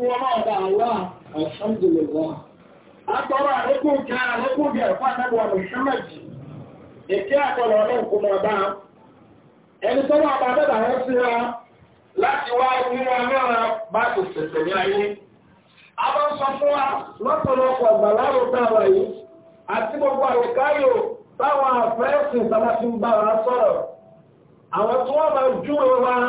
fún ọmọ ọ̀dá àwọ́ alhamdulillah. Àtọ́rọ àrékún kí àrékún bí ẹ̀fà tẹ́gbọ̀ Mùsùlùmí. Èké àtọ́rọ ọlọ́run kò mọ̀ bá. Ẹni tó wà bá bẹ́bà rẹ̀ sí wa láti wá ní wa mẹ́ra bá ti sẹ̀sẹ̀ ní ayé. A bá ń sọ fún wa lọ́pọ̀lọpọ̀ ìgbàlárò táwa yìí àti gbogbo àwòkáyò táwọn àfẹ́sìn sábà ń bá wa sọ̀rọ̀. Àwọn tí wọ́n máa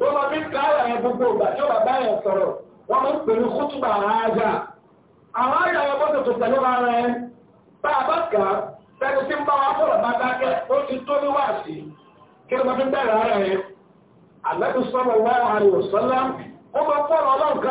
wọ́n máa fi káyà yẹn gbogbo ìgbà tí ó bá bá yẹn sọ̀rọ̀ wọ́n máa ń pè ní kútùbà àájà àwọn àjà yẹn bọ́sẹ̀ tó tẹ̀lé wa rẹ̀ bá a bá kà á sẹ́ni tí ń bá wa sọ̀rọ̀ bá dákẹ́ ó ti tó ní wáàsí kí ló máa fi bẹ̀rẹ̀ ara yẹn àlẹ́kùn sọ́mọ wá àríwò sọ́lá ó máa fọ́rọ̀ ọlọ́run ká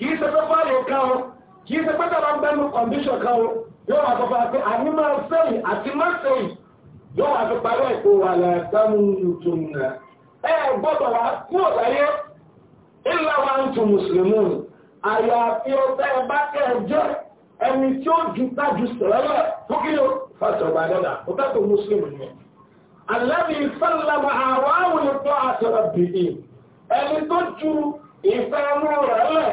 kìí ṣe pé fáyé kan o kìí ṣe pé tàbá ń bẹnu kọ̀ǹdíṣọ̀ kan o yóò wà fọfọ àti àní máa sẹ́yìn àti má sẹ́yìn yóò wà fi parí ẹ̀kọ́ wà lẹ́ẹ̀dánù tòun náà ẹ gbọ́dọ̀ wá kú ọ̀láyé ńlá wa ń tu mùsùlùmí àyàfi ọ̀tá ẹ kẹ́ ẹ jẹ́ ẹni tí ó ju tájú sọ̀rọ̀ fún kí ló ọ̀tá tó mùsùlùmí ẹni tó ju ìfẹ́ mú rẹ̀ lẹ̀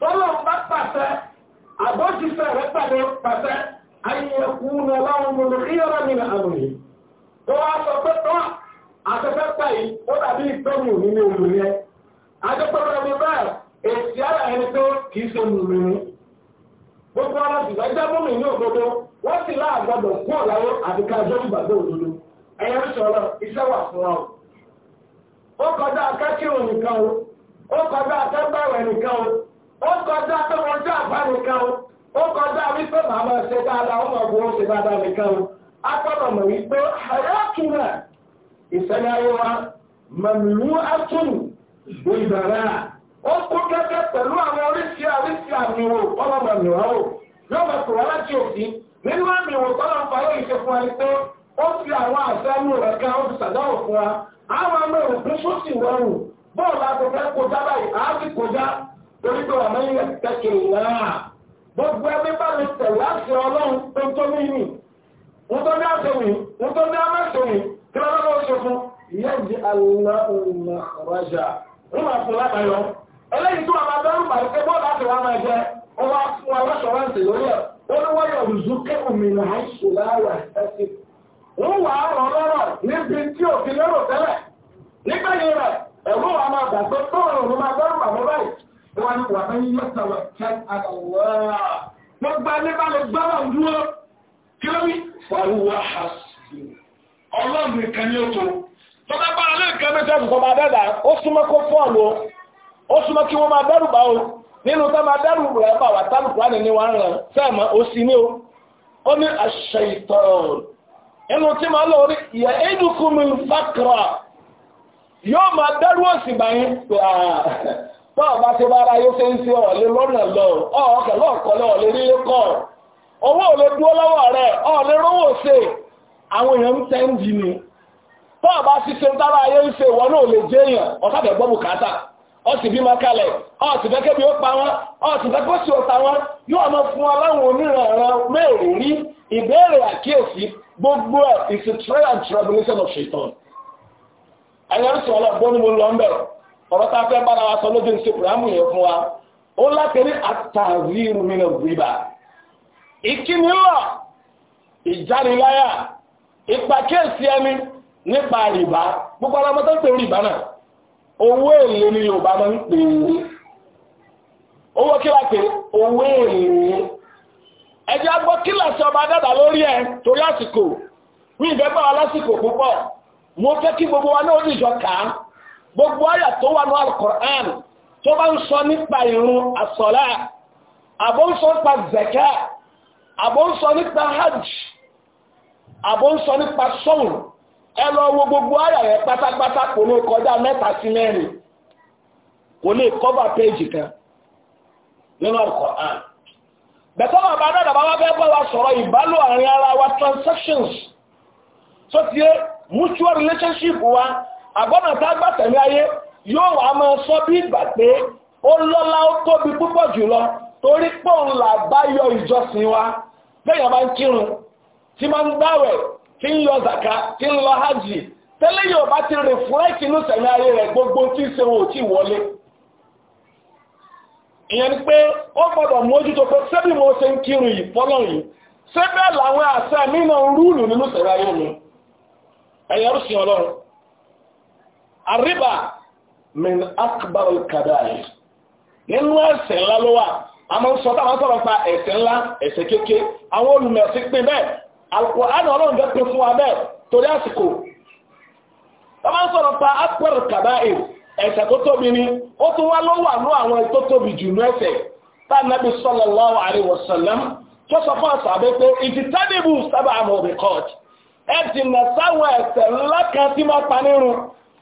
tọ́lọ́run bá pàṣẹ rẹ̀ pàṣẹ nínú tó wá sọ pé tọ́ àtẹ́fẹ́ ó dàbí ìtọ́mù nínú ní bẹ́ẹ̀ èsì tó kìí ṣe gbogbo ọmọ jẹ́ ní òdodo wọ́n sì láàgbọ́dọ̀ kú àti kájọ́ ìgbàgbọ́ òdodo ń o ó kọjá pé mo jẹ́ àbá nìkan ó kọjá wípé màmá ṣe dáadáa ó mọ̀ bó ó ṣe dáadáa nìkan a gbọ́dọ̀ mọ̀ wípé àyàtúnà ìṣẹ̀lẹ̀ ayé wa mọ̀lú átúnù bó ìbẹ̀rẹ̀ ó kó kẹ́kẹ́ pẹ̀lú àwọn oríṣi àríṣi àmì wò ọlọ́mọ mìíràn wò yóò mọ̀ wá láti nínú àmì ìṣe fún ẹni pé ó fi àwọn rẹ̀ ó fi fún wa àwọn ọmọ torí pé ọ̀nà ilẹ̀ tẹ̀kẹ̀ náà gbogbo ẹgbẹ́ bá lè tẹ̀lé àṣẹ ọlọ́run tó tó ní ìní wọ́n tó ní àṣẹ mi wọ́n tó ní àmẹ́sẹ̀ mi kí lọ́dọ́ lọ́wọ́ ṣe fún ìyẹ́jì aláhùnmá ọ̀rọ̀jà wọ́n máa fún látàyọ eléyìí tó àwọn abẹ́rù pàdé pé bọ́ọ̀lù àti wọn máa jẹ ó wá fún aláṣọwáǹsì lórí ẹ̀ ó ní wọ́n yọ òrùzú kẹ́kùn mi náà ṣù láwà ẹ̀sìn wọ́n wà á àwọn báyìí wọ́n ní wà mẹ́rin yọ́sàwọ̀ kẹ́kọ̀ọ́ wọ́n gba lébà lọ gbọ́nà dúró kí ló wí wàrúwà ọlọ́run nìkan ní oṣù tó bá bá alẹ́ nǹkan mẹ́ta ìfọ̀ máa dẹ́dà ó súnmọ́ kó fọ́ọ̀lù ó súnmọ́ kí wọ́n máa dẹ́rù bá o nínú tó máa dẹ́rù rẹ̀ bá wà tálùkù láti ní wọn rẹ̀ sẹ́ẹ̀mọ́ ó sì ní o ó ní àṣẹ ìtọ̀ inú tí máa lọ rí ìyá ẹ̀dùnkùnmi fàkàrà yóò máa dẹ́rù òsì báyìí tọ́ọ̀ bá ti bára yóò ṣe ń ṣe ọ̀lẹ́ lọ́nà lọ ọ̀ọ́kẹ́ lọ́ọ̀kọ́lẹ́ ọ̀lẹ́ nílé kọ́ owó ò lè dúró lọ́wọ́ rẹ̀ ọ̀lẹ́ rówó ṣe àwọn èèyàn ń tẹ́ ń jì ní tọ́ọ̀ bá ti ṣe ń tára ayé ń ṣe ìwọ náà lè jẹ́yàn ọ̀sàbẹ̀ gbọ́ bùkátà ọ̀sì bí máa kalẹ̀ ọ̀sì fẹ́kẹ́ bí ó pa wọn ọ̀sì fẹ́kẹ́ sí ọ̀tá wọn yóò máa fún wa láwọn oníranran mẹ́rin rí ìbéèrè àkíyèsí gbogbo ẹ̀ is a trial and tribulation of Satan. ẹ̀yẹ́ ń sọ̀rọ̀ gbọ́nmú lọ́mbẹ̀rẹ̀ ọ̀rọ̀ tá a fẹ́ bára wa sọ lójú ṣe pùrámù yẹn fún wa ó lákẹ́rí àtàríru mi náà rìbá ìkínílọ̀ ìjániláyà ìpàkíyèsí ẹni nípa rìbá gbogbo tó rìbá náà owó èlé ni Yorùbá máa ń pè é owó pé owó èlé ọba lórí ẹ torí àsìkò ní wa lásìkò púpọ̀ mo fẹ́ gbogbo àyà tó wà ní alukur'an tó bá ń sọ nípa ìrun àsọ̀lá àbó nípa zẹ̀ká àbó nípa hajj àbó nípa sọ́ọ̀n ẹ wo gbogbo àyà rẹ pátápátá kò ní kọjá mẹ́ta sí mẹ́rin kò ní kọ́bà péjì kan nínú alukur'an bẹ̀tọ́ bàbá wá bọ́ wa sọ̀rọ̀ ìbálò àárín ara wa transactions tó mutual relationship wa àgbọ́nà tá ayé yóò wá máa sọ bí ìgbà pé ó lọ́lá ó tóbi púpọ̀ jùlọ torí pòun là ìjọsìn wa lẹ́yìn bá ń kírun tí máa ń gbáwẹ̀ tí ń yọ zàká tí ń lọ hajj tẹ́lẹ̀ yóò bá ti rìn fún ẹ̀kínú gbogbo tí ṣe tí wọlé ìyẹn ni pé ó gbọ́dọ̀ mójútó pé sẹ́bí mo ṣe ń kírun yìí yìí sẹ́bẹ̀ làwọn rúùlù nínú sẹ̀mí àríbà min akbar al nínú ẹ̀ṣẹ̀ ńlá ló wà àmọ́ sọ táwọn sọ̀rọ̀ pa ẹ̀ṣẹ̀ ńlá ẹ̀ṣẹ̀ kéke àwọn olùmẹ̀sí pin bẹ́ẹ̀ Al-Qur'an ọlọ́run jẹ́ pin fún wa bẹ́ẹ̀ torí àsìkò sọ̀rọ̀ pa ni ó tún wá ló wà ní àwọn tó tóbi jù ní ẹ̀ṣẹ̀ tá Nabi sallallahu alaihi wasallam tó sọ fún àṣà bẹ́ẹ̀ pé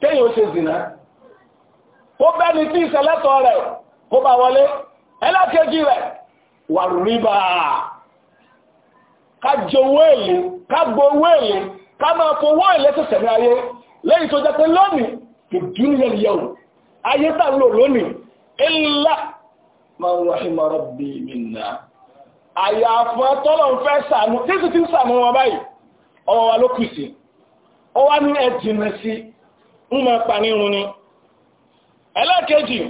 kéyìn ó ṣe zìnà ó bẹ́ni tí ìṣẹ̀lẹ́tọ̀ rẹ̀ kó bá wọlé ẹlẹ́kejì rẹ̀ wà rìbá ká jowó èlé ká gbowó èlé ká máa fowó èlé tó sẹ̀mí ayé lẹ́yìn tó jẹ́ pé lónìí kì dúnìyàn yẹ̀wò ayé tà ń lò lónìí ilá máa ń rahimah rabbi minna àyàfọ́ tọ́lọ̀ ń fẹ́ sànú títí tí ń sànú wọn báyìí ọwọ́ wa ló kù sí ọwọ́ ní ẹ̀jìnà sí wọ́n máa pa ru ni ẹlẹ́ẹ̀kejì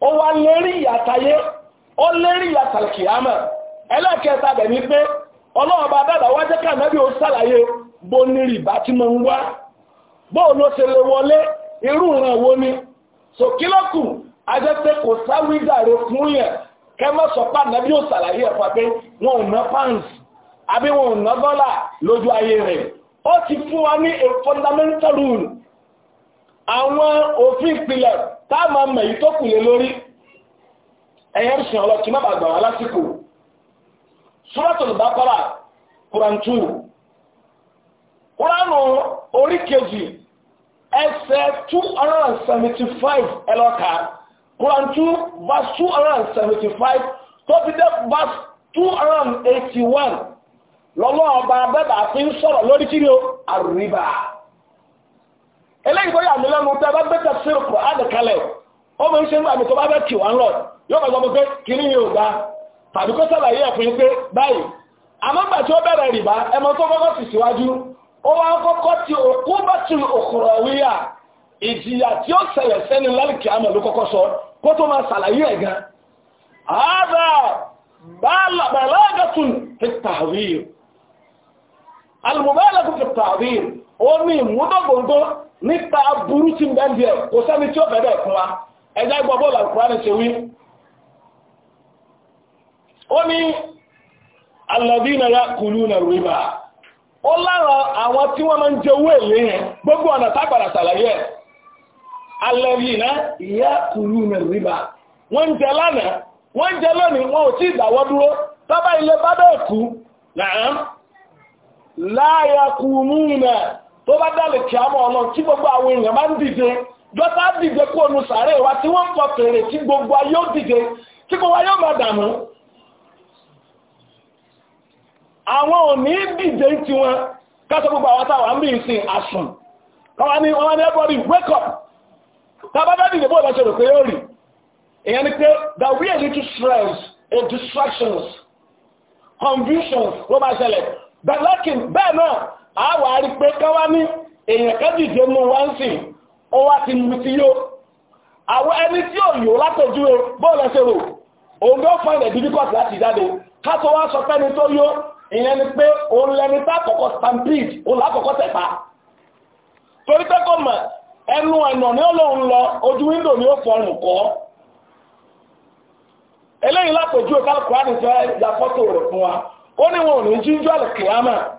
ó wá lérí ìyàtayé ó lérí ìyàtàkìyàmà ẹlẹ́ẹ̀kẹta bẹ̀ ní pé ọlọ́ọ̀bá dàdà wá jẹ́ kànáàbí ó sàlàyé bó ní ń wá ló wọlé irú ìran wo ni kò fún yẹn nàbí ó sàlàyé ẹ̀fà pé wọn ò ná pounds àbí àwọn òfin ìpìlẹ̀ táàmà mẹ̀yí tó kù lé lórí ẹ̀yẹ́ ń sìn ọlọ́kì má bàgbà wá lásìkò Suratul Baqara Quran 2 Quranu orí kejì ẹsẹ̀ 275 ẹlọ́ka Quran 2 verse 275 tó fi dé verse 281 lọ́lọ́ ọba bẹ́bà fi ń sọ̀rọ̀ lórí kí ni ó àríbà eléyìí bóyá àmì lẹ́nu tẹ́ bá gbẹ́tẹ̀ sí ọkọ̀ àdìkalẹ̀ ó mọ̀ ń ṣe nígbà tó bá bẹ́ kì wọ́n lọ yóò kọ́ sọ pé kìíní yóò dá tàbí kó sàlàyé ẹ̀fún yín pé báyìí àmọ́gbà tí ó bẹ̀rẹ̀ rìbá ẹmọ tó kọ́kọ́ sì síwájú ó wá kọ́kọ́ tí òkú bá ti òkùrọ̀ wíyà ìjìyà tí ó ṣẹlẹ̀ sẹ́ni lálùkì àmọ̀ ló kọ́kọ́ sọ kó tó máa sàlàyé ẹ̀ gan. ààbà bàlágàtún fi tàwíì ó ní ìmúdógóńgó níta burú tí ń bẹ́ẹ̀ díẹ̀ kò sẹ́ni tí ó bẹ̀rẹ̀ fún wa ẹ̀já gbọ́ bó làkúránì ṣe wí ó ní riba ó lára àwọn tí wọ́n máa ń jẹ owó èlé yẹn gbogbo ọ̀nà tágbàrà ṣàlàyé riba wọ́n ń na wọn tó bá dálẹ̀ kí á mọ́ ọlọ́run tí gbogbo àwọn èèyàn bá ń dìde dọ́tà dìde kó nu sàárè wa tí wọ́n kọ fèrè tí gbogbo ayé ó dìde tí gbogbo ayé ó máa dànù àwọn ò dìde tí wọn kásọ gbogbo àwọn táwọn ń bí ìsìn àsùn that we are little stress and distractions confusions ló máa but lẹ́kìn a wà á rí pé káwá ní èèyàn kẹ́dìdé mú wá ń sìn ó wá ti mú sí yó àwọn ẹni tí ò yó látọ̀jú o bọ́ọ̀lù ẹsẹ̀ rò òun ló fọ ilẹ̀ difficult láti jáde kátó wá sọ pẹ́ni tó yó ìyẹn ni pé òun lẹni tá àkọ́kọ́ stampede òun lákọ̀ọ́kọ́ tẹ̀pa torí pé kò mọ̀ ẹnu ẹ̀nà ní olóhùn lọ ojú wíńdò ni ó fọrùn kọ́ eléyìí lápòjú ìkálùkù á nìfẹ́ ya fọ́tò rẹ̀ fún wa ó ní wọn ò ní jíjọ́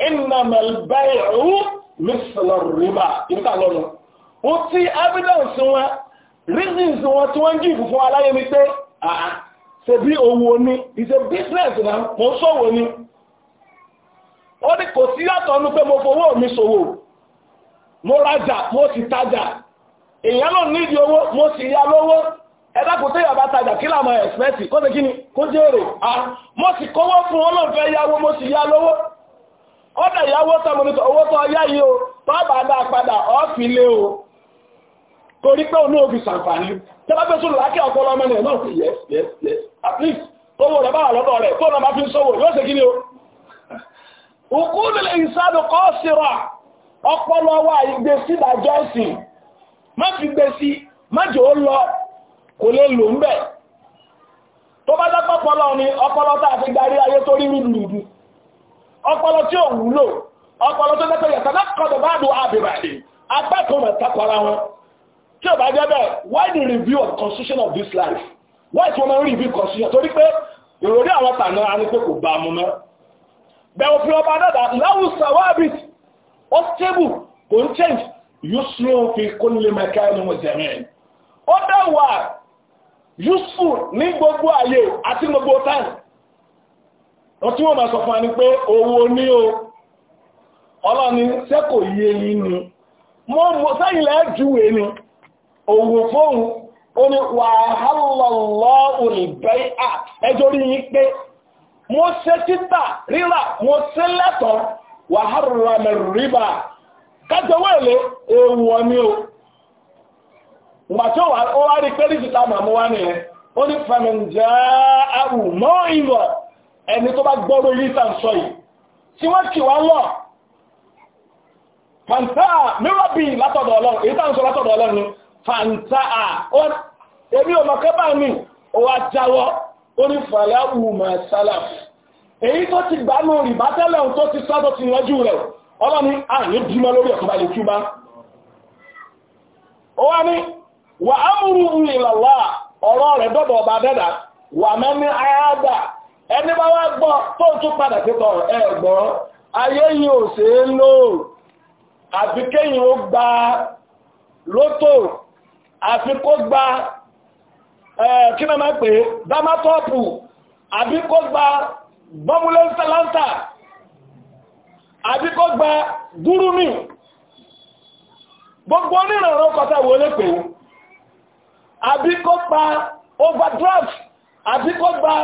innamal bay'u misl ar-riba ìrúkà lọ́nà ó tí evidence wọn reasons wọn tí wọ́n jíìfù fún aláyé mi pé àà ṣe business kò sí yàtọ̀ ní pé mo fowó mi ṣòwò mo rajà mo sì tajà èèyàn nídìí owó mo sì yá lówó ẹ̀dàkùn tó yàbá tajà kí láàmà ẹ̀sìpẹ́sì kó ṣe kí ni kó jẹ́ ah. mo sì ọ̀dà ìyàwó tọ́ mọ́nítọ̀ owó tọ́ ọyá yìí o tọ́ bá padà ọ́fì o torí pé òun sàǹfààní lákẹ́ ọmọ yes yes yes at least owó rẹ̀ bá lọ́dọ̀ rẹ̀ tó fi ń sọ́wọ́ yóò ni o òkú nílẹ̀ ìsádù kọ́ síra ọpọlọ wa ìgbésí ìdájọ́ ẹ̀sìn má fi gbèsè má jẹ́ ó lọ kò lè lò ń bẹ̀ tó bá dápọ̀ ni ọpọlọ tí ò wúlò ọpọlọ tó lẹ́pẹ̀ yẹ̀tà náà bá dùn àbìbàdì agbákan rẹ̀ takwara wọn tí ò bá jẹ́ bẹ́ẹ̀ why the review of constitution of this life why is woman review constitution torí pé ìròrí àwọn tàná anípò kò bá mú mọ́ bẹ̀rù fi ọba náà láwùsà wábìtì ó stable kò ń change yusuf fi kúnlẹ̀ mẹ́ka ẹni mo jẹ̀mẹ́ ó dẹ̀ wà useful ní gbogbo ayé àti gbogbo time wọ́n tí wọ́n máa sọ fún wa ní pé owó ní o ọlọ́ni sẹ́kò yé yìí ni mọ́ sáyìnlẹ̀ júwe ni owó fóun ó ní wàhálọ́lọ́ olùbẹ́ ẹjọ́ rí yí pé mo ṣe títà rírà mo ṣe lẹ́tọ̀ wàhálọ́mẹ rírà kájọwọ́ èlé èèwọ̀ ni o ìgbà tí ó wá ẹni tó bá gbọ́rọ̀ ilé ìtànsọ yìí tí wọ́n kì wá lọ fantaa mírọ̀bì látọ̀dọ̀ ọlọ́run ìtànsọ látọ̀dọ̀ ọlọ́run fantaa èmi ò mi o wá jáwọ́ ó fàlẹ́ ùmọ̀ sálàf èyí tó ti gbà nù rìbá tó ti sá ti yanjú rẹ̀ ọlọ́run à wà mẹ́ni ẹni bá wá gbọ́ tó tún padà ayé yìí ò sí é lò àfi kéyìn ó gba lótò àfi kó gba kí náà máa pè é dámátọ́pù àbí kó gba bọ́múlẹ́ńtàláńtà àbí kó gba gúrúmì gbogbo onírànràn kọta wo lè pè é kó gba overdraft kó gba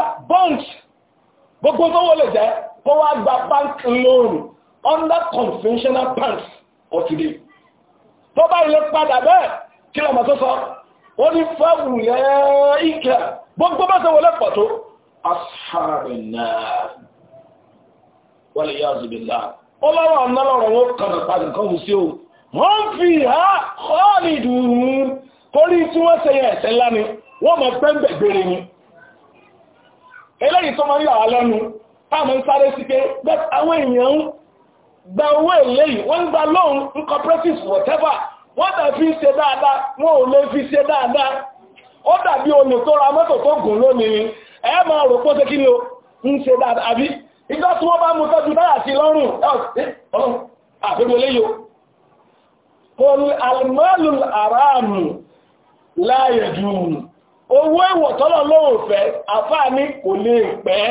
gbogbo tówó lè jẹ́ kó wá gba bank loan under conventional banks of today tó bá ilé padà bẹ́ẹ̀ kí lọ́mọ tó sọ ó ní fẹ́wù lẹ́ẹ̀ẹ́kẹ́ gbogbo bá ṣe wọlé pọ̀ tó asáàrìnà wọlé yá zùbìlá ọlọ́rọ̀ ọ̀nàlọ́rọ̀ wọn kàrà padà kan wù sí o wọ́n fi ha kọ́ọ̀lì dùn kórí tí wọ́n ṣe yẹ ẹ̀ṣẹ̀ wọ́n mọ̀ pẹ́ńbẹ̀ gbére ni eléyìí tó máa ń yà wá lẹ́nu táàmù ń sáré sí pé àwọn èèyàn ń gba owó eléyìí wọ́n gba ń whatever wọ́n fi ṣe dáadáa wọ́n ò fi ṣe dáadáa ó dàbí olè tó ra mọ́tò tó gùn lónìí ẹ rò kí ni o ń ṣe dáadáa àbí ìjọ tí wọ́n bá mú tọ́jú dáyà sí lọ́rùn owó ẹ̀wọ̀ tọ́lọ̀ fẹ́ àfáà kò lè pẹ́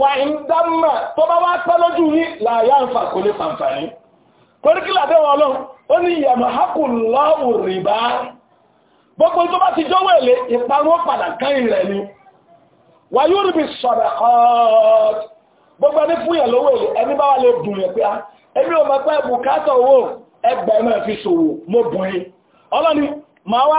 wà ń dámà tó bá wá pẹ́ lójú yín láàyà ń fà kò lè fàǹfààní kóríkìlà bẹ́ wọn lọ́n ó ní ìyàmọ̀ hákù lọ́wù rìbá gbogbo tó bá ti jọ́wọ́ èlé ìparun padà káyìn rẹ̀ ni wà yóò rí bí sọ̀rọ̀ ọ̀ọ́t gbogbo ẹni fún yẹn lówó èlé ẹni bá wà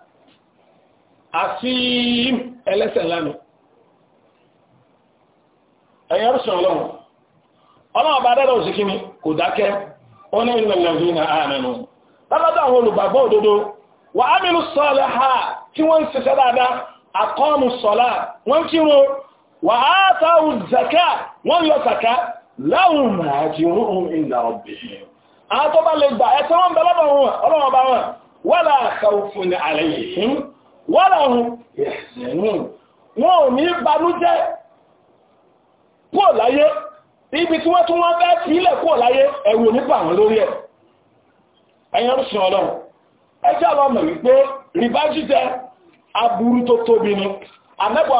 a fi lánàá ẹ̀yẹ́ rúsùn ọlọ́run ọlọ́run bá dára òsì kíní kò dákẹ́ ó ní na ààrẹ̀nù àwọn olùgbàgbọ́ òdodo wà á mìíràn ha tí wọn ń ṣiṣẹ́ dáadáa àkọ́ọ̀mù sọ́lá wa kírò wà á zaka yọ zaka láwùn ìlà àwọn tó bá lè gbà wọn wọ́n rà ọ̀hún wọn ò ní jẹ́ pọ̀ láyé ibi tí wọ́n tún wọ́n bẹ́ẹ̀ ilẹ̀ pọ̀ láyé ẹ̀rù nípa àwọn lórí ẹ̀ ẹ̀yàn ọlọ́run ẹjọ́ ọmọ wípé rìbá aburú tó tóbi ni amẹ́bọ̀ ó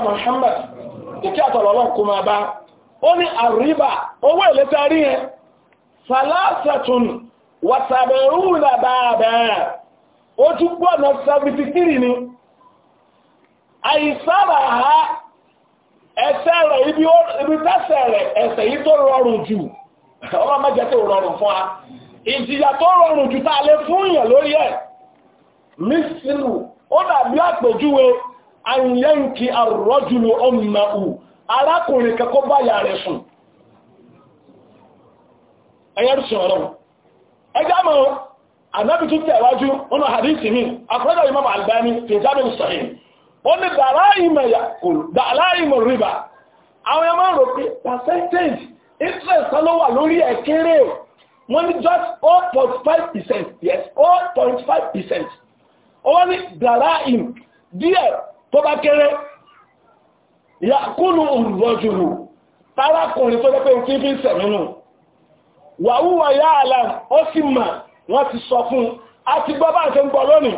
àìsára ha ẹsẹ̀ rẹ̀ ibi tẹ́sẹ̀ rẹ̀ ẹsẹ̀ yìí tó rọrùn jù ọmọ mẹ́jẹ tó rọrùn fún wa ìjìyà tó rọrùn jù tá a lè fún yẹn lórí ẹ̀ mísìlù ó dàbí àpèjúwe àyẹ̀ǹkì àrọ́jùlù ọmọọ̀hù arákùnrin kẹ́kọ́ bá yà rẹ̀ sùn ẹ̀yẹ́ mọ́ tẹ̀wájú hadith mi Imam Albani fi jáde sọ̀rọ̀ ó ní dàrá ìmọ̀ ya kò dàrá ìmọ̀ rìbà àwọn ẹmọ́ rò pé percentage interest ló wà lórí ẹ̀ wọ́n ní just 0.5 percent yes 0.5 percent ó wọ́n ní dàrá ìmọ̀ díẹ̀ tó bá kéré ya kúlù òrùbọ̀jùrù tárákùnrin tó lẹ́pẹ́ tí fi ń sẹ̀mínú wàhúwà yá àlà ó sì mà wọ́n ti sọ fún a ti gbọ́ bá ń ṣe lónìí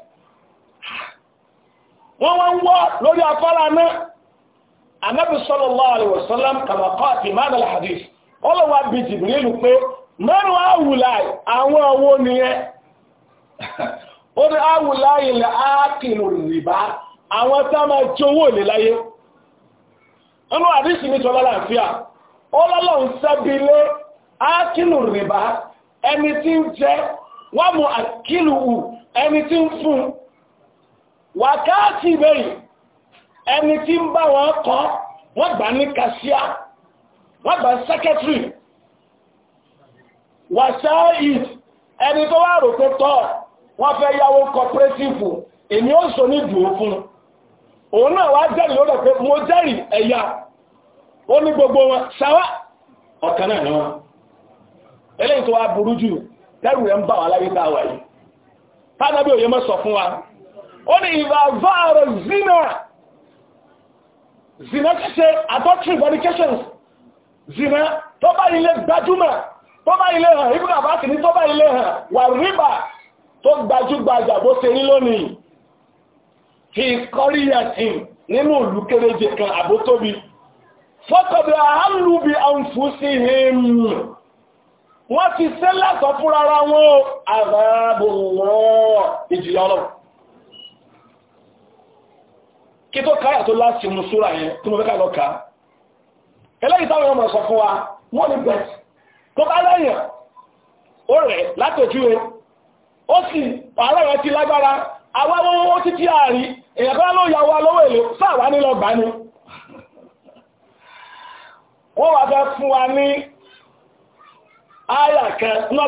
wọ́n wá ń wọ́ lórí afárá náà sallallahu alaihi wasallam kama qala fi ma'na al ọlọ́wà bí Jibril pé mẹ́rin àwùláì àwọn owó nìyẹn ó ní àwùláì ilẹ̀ ákìlù rìbá àwọn tá máa jẹ owó ní láyé inú àdísì ní tọ́lá láàfíà ọlọ́lọ́ ń sẹ́bilé ákìlù rìbá ẹni tí ń jẹ wọ́n mú ẹni tí ń wákàtí ìbẹ̀rẹ̀ ẹni tí ń bá wọn kọ́ wọ́n gbà ní kàṣíà wọ́n gbà sẹ́kẹ́tìrì wàṣáìd ẹni tó wà rò pé tọ́ wọ́n fẹ́ yàwó kọpírẹ́tìfù èmi ó sọ ní dùn fún òun náà wá jẹ́rìí lọ́dọ̀ pé mo jẹ́rìí ẹ̀yà ó ní gbogbo wọn sáwá ọ̀kan náà ni wọn eléyìí tó wá burú jù tẹ́rù rẹ̀ ń bà wá láyé táwà yìí tánábí òye mọ́ sọ fún wa ó ní ìràzọ́ ààrẹ zina zina ṣíṣe adultery fornications zina tó bá ilé gbajúmọ̀ tó bá ilé hàn ibùdó àbáṣì ní tó bá ilé hàn wà ríbà tó gbajúgbajà bó ṣe rí lónìí fi kọrí yàtìn nínú ìlú kéréje kan àbótóbi fọ́tọ̀bí àálùbí àǹfúsíhìn wọ́n ti sẹ́lẹ̀ sọ fúnra wọn kí tó káyà tó láti mú súra yẹn tí mo fẹ́ ká lọ ká eléyìí táwọn ọmọ sọ fún wa wọ́n ni bẹ̀t tó bá lẹ́yìn ó ó sì ti lágbára àwọn owó títí ààrí èèyàn tó ló yàwó èlò nílọ gbà fún wa ní àyà kan náà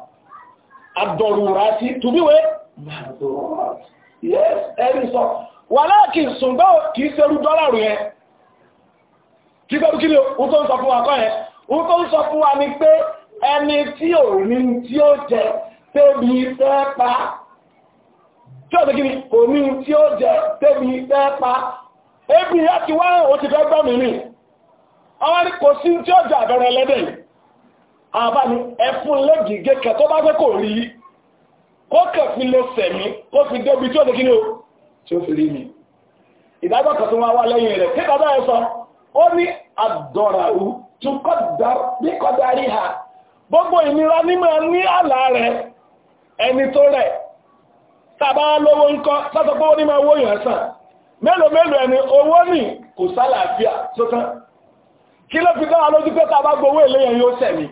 ad-darurati to be yes ẹni sọ wà láàkì ṣùgbọ́n kìí ṣerú dọ́làrù yẹn kí pẹ̀lú kí ni o tó ń sọ fún wa kọ́ yẹn o tó ń sọ fún wa ni pé ẹni tí ebi láti wá o ti fẹ́ gbọ́ mi ni ọwọ́ ni kò àbá ni ẹfún lẹ́gì gẹ́kẹ́ tó bá fẹ́ kò rí kó kẹfin lè sẹ̀mí kó fi débi tí ó o tí ó fi rí mi ìdájọ́ kan tó wá wá lẹ́yìn rẹ̀ kí ẹ sọ ó ní àdọ̀ràú ha gbogbo ìnira ní rẹ ẹni tó tàbá lówó ń ó ní máa wó sàn mélòó mélòó ẹni owó kò sálàáfíà tó tán kí ló fi dára lójú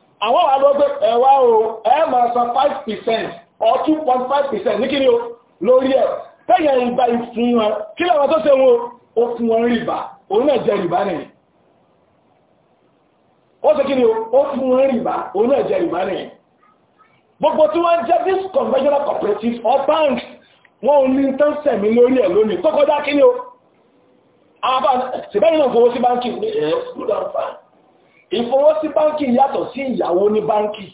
àwọn wà lọ́gbẹ́ ẹ̀wà o ẹ̀ máa san five percent or two point five percent ní kíni o lórí ẹ̀ tẹ́yẹ̀ ìgbà ìfún wọn kí lọ́wọ́ tó ṣe wọn ó fún wọn rìbá òun náà jẹ rìbá nìyẹn ó ṣe kíni o ó fún wọn rìbá òun náà jẹ rìbá nìyẹn gbogbo tí wọ́n jẹ́ this conventional cooperative or bank wọ́n ò ní tán sẹ̀mí lórí ẹ̀ lónìí tó kọjá kíni o àwọn bá ṣèbẹ́yìn náà fowó sí báńkì ní ẹ̀ ìfowósí báńkì yàtọ̀ sí ìyàwó ní báńkì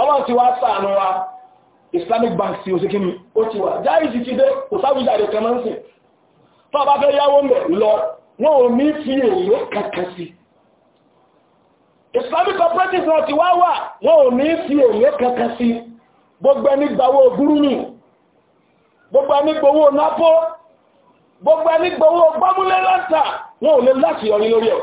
ọlọ́run ti wá ṣàánú wa islamic bank sí oṣù kíní ó ti wà jáìsì ti dé kò sáwùjáde kan máa ń sìn tó bá fẹ́ yáwó mẹ́ lọ wọn ò ní fi èlé kankan sí islamic cooperatives náà ti wá wà wọn ò ní fi èlé kankan sí gbogbo ẹni gbàwó gúrúnì gbogbo ẹni gbowó nápó gbogbo ẹni gbowó gbámúlé láta wọn ò lè láti yọrí lórí ẹ̀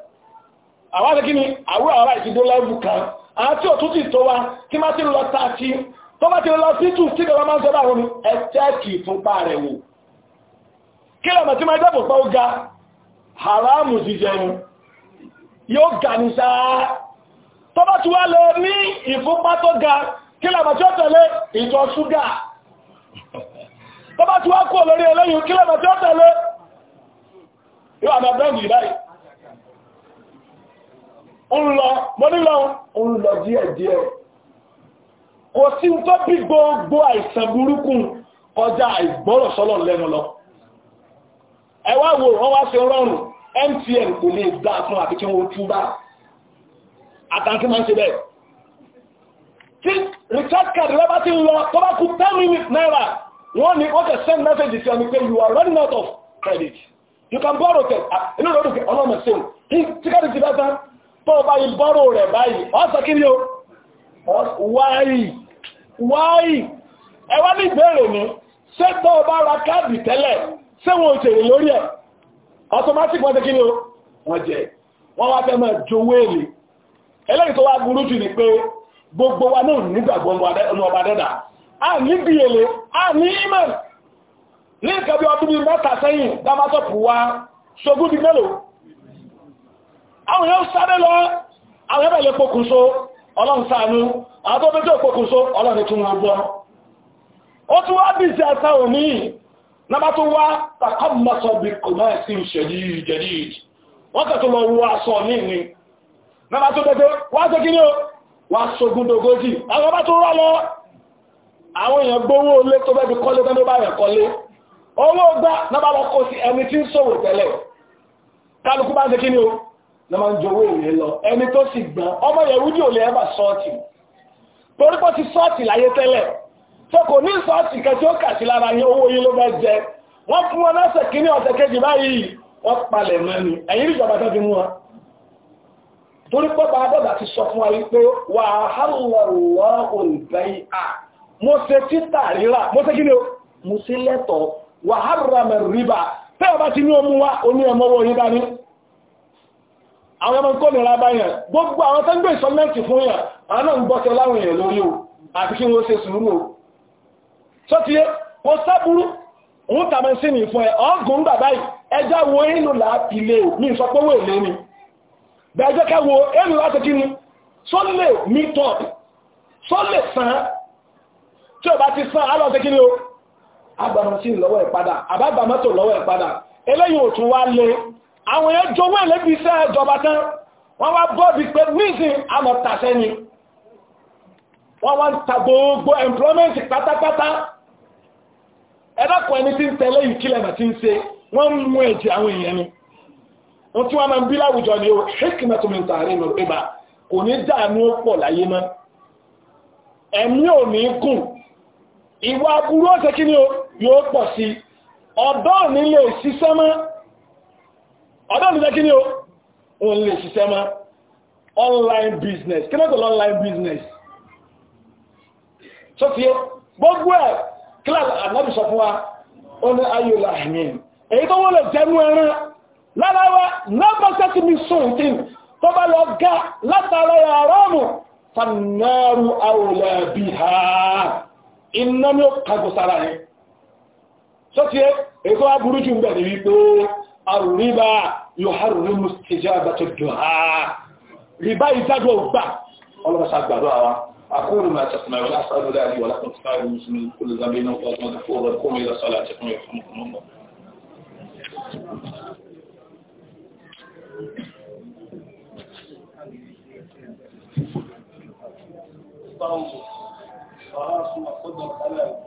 àwọn àti kíni àwúrà ara ìtìdó lẹ́bù kan àti òtún ti tó wá tí má ti lọ tààtí tó bá ti lọ sí tù tí kẹwàá máa ń sọ́dá àwọn ẹ̀tẹ́ẹ̀kì ìfúnpá rẹ̀ wò kí lọ́mọ̀ tí má jẹ́ pọ̀ ó ga haramu jíjẹun yóò ga ní sáà tó bá ti wá lọ ní ìfúnpá tó ga kí lọ́mọ̀ tí ó tẹ̀lé ìtọ̀ ṣúgà tó bá ti wá kú olórí ẹlẹ́yìn kí lọ́mọ̀ tí ó tẹ̀lé yóò àmà bẹ́ẹ̀ ń lọ mọ́nílọ ń lọ díẹ̀díẹ̀ kò sí tó bí gbogbo àìsàn burúkú kọjá àìgbọ́rọ̀ sọ́lọ̀ lẹ́nu lọ ẹ wá wo wọ́n wá ṣe rọrùn MTN kò lè dá fún àti kí wọ́n túbá àtàntí máa ń ṣe bẹ́ẹ̀ tí Richard card lọ́bá ti lọ tó bá kú 10 minutes naira wọ́n ni ó tẹ̀ send message sí ọmọ pé you are running out of credit you can borrow it inú lọ́dún ọlọ́mọ̀ sí tó bá yìí bọ́rọ̀ rẹ̀ báyìí ọ́sọ̀ kí ni ó wáyì wáyì ẹwà ní ìbẹ̀rẹ̀ ní ṣé tó bá ra káàdì tẹ́lẹ̀ ṣé wọ́n jèrè lórí ẹ̀ automatic wọ́n tẹ́ kí ni ó wọ́n jẹ wọ́n wá fẹ́ máa gbogbo wa a a wa ṣogún di mélòó àwọn èèyàn sáré lọ àwọn ẹ̀rẹ̀ lè pokùnso ọlọ́run ṣàánú àwọn tó bẹ́ ọlọ́run tún wọn gbọ́ ó tún wá bí sí àtà òní náà tó wá takọ́mọ́sọ bí kò máa sí ìṣẹ̀lì ìjẹ̀lì wọ́n kẹ́ tó lọ wọ aṣọ wa ìní náà tó bẹ́ tó lọ ló máa ń jowó èrè lọ ẹni tó sì gbọ́n ọmọ yẹ̀wúdí ò lè ẹ́bà sọ́ọ̀tì torí pọ́ ti sọ́ọ̀tì láyé tẹ́lẹ̀ tó kò ní sọ́ọ̀tì kan tí ó kà sí lára yín owó yín ló fẹ́ jẹ wọ́n fún wọn lọ́sẹ̀ kínní ọ̀sẹ̀ kejì báyìí wọ́n palẹ̀ mọ́ni ẹ̀yìn ìjọba tó fi mú wọn torí pọ́pá adọ́gbà ti sọ fún wa wípé wà áhàlọ́wọ́ olùbẹ́yìn à mo ṣe títà rírà mo ṣe gíní mo ṣe lẹ́tọ̀ọ́ wà áhàlọ́wọ́ rírà fẹ́ ọba àwọn ọmọ kọ́nìyàn báyàn gbogbo àwọn tó ń gbé ìsọmẹ́ntì fún yàn àwọn náà ń bọ́ sí láwọn èèyàn lórí o àti kí wọ́n ṣe sùúrù o tó ti yé kò sábúrú òun tàbí sí ní fún ẹ ọgùn ń bàbá yìí ẹjá wo inú láti ilé ní ìsọpọ̀wọ̀ èlé ni bẹ̀ẹ́jẹ́ ká wo inú láti kí ni só lè meet só lè sàn tí ò bá ti sàn á lọ sí kí ni o agbàmọ́sí lọ́wọ́ ẹ̀ padà àbágbàmọ́tò lọ́wọ́ ẹ̀ padà eléyìí ò tún àwọn èèyàn jọ wọ́n lẹ́bí iṣẹ́ ìjọba tán wọ́n wá bọ́ọ̀bì pé nísìn amọ̀tàṣẹ́ ni wọ́n wá ta gbogbo employment pátápátá ẹ̀dọ́kùn ẹni tí ń tẹ̀lé ìkílẹ̀ mà ti ń ṣe wọ́n ń mú ẹ̀jẹ̀ àwọn èèyàn ni wọ́n tí wọ́n máa ń bí láwùjọ ni ó hikmatumin tààrí nù ni yóò pọ̀ sí ọ̀dọ́ ò ọ̀dọ́ ìlúṣẹ́ kí ni ó òun lè ṣiṣẹ́ mọ́ online business kí lọ́tọ̀ online business tó fi gbogbo ẹ̀ kílá ànábì sọ fún wa ó ní ayò láàrin èyí tó wọ́n lè jẹnu ẹran lára wa nọ́bà sẹ́tì mi sùn tí tó bá ga látara àrọ́mù fanáàrù àwòlẹ̀ bí ha iná ní ó kàgbọ̀sára rẹ̀ tó fi èyí tó wá burú jù ń bẹ̀rẹ̀ wípé الربا يحرم استجابة الدعاء ربا يزاد وربا الله بس عبد الله أقول ما تسمع ولا أسأل الله ولكم تسمعوا المسلمين كل ذنبين وقاتنا تفوض القوم إلى صلاتكم ويرحمكم الله Thank you.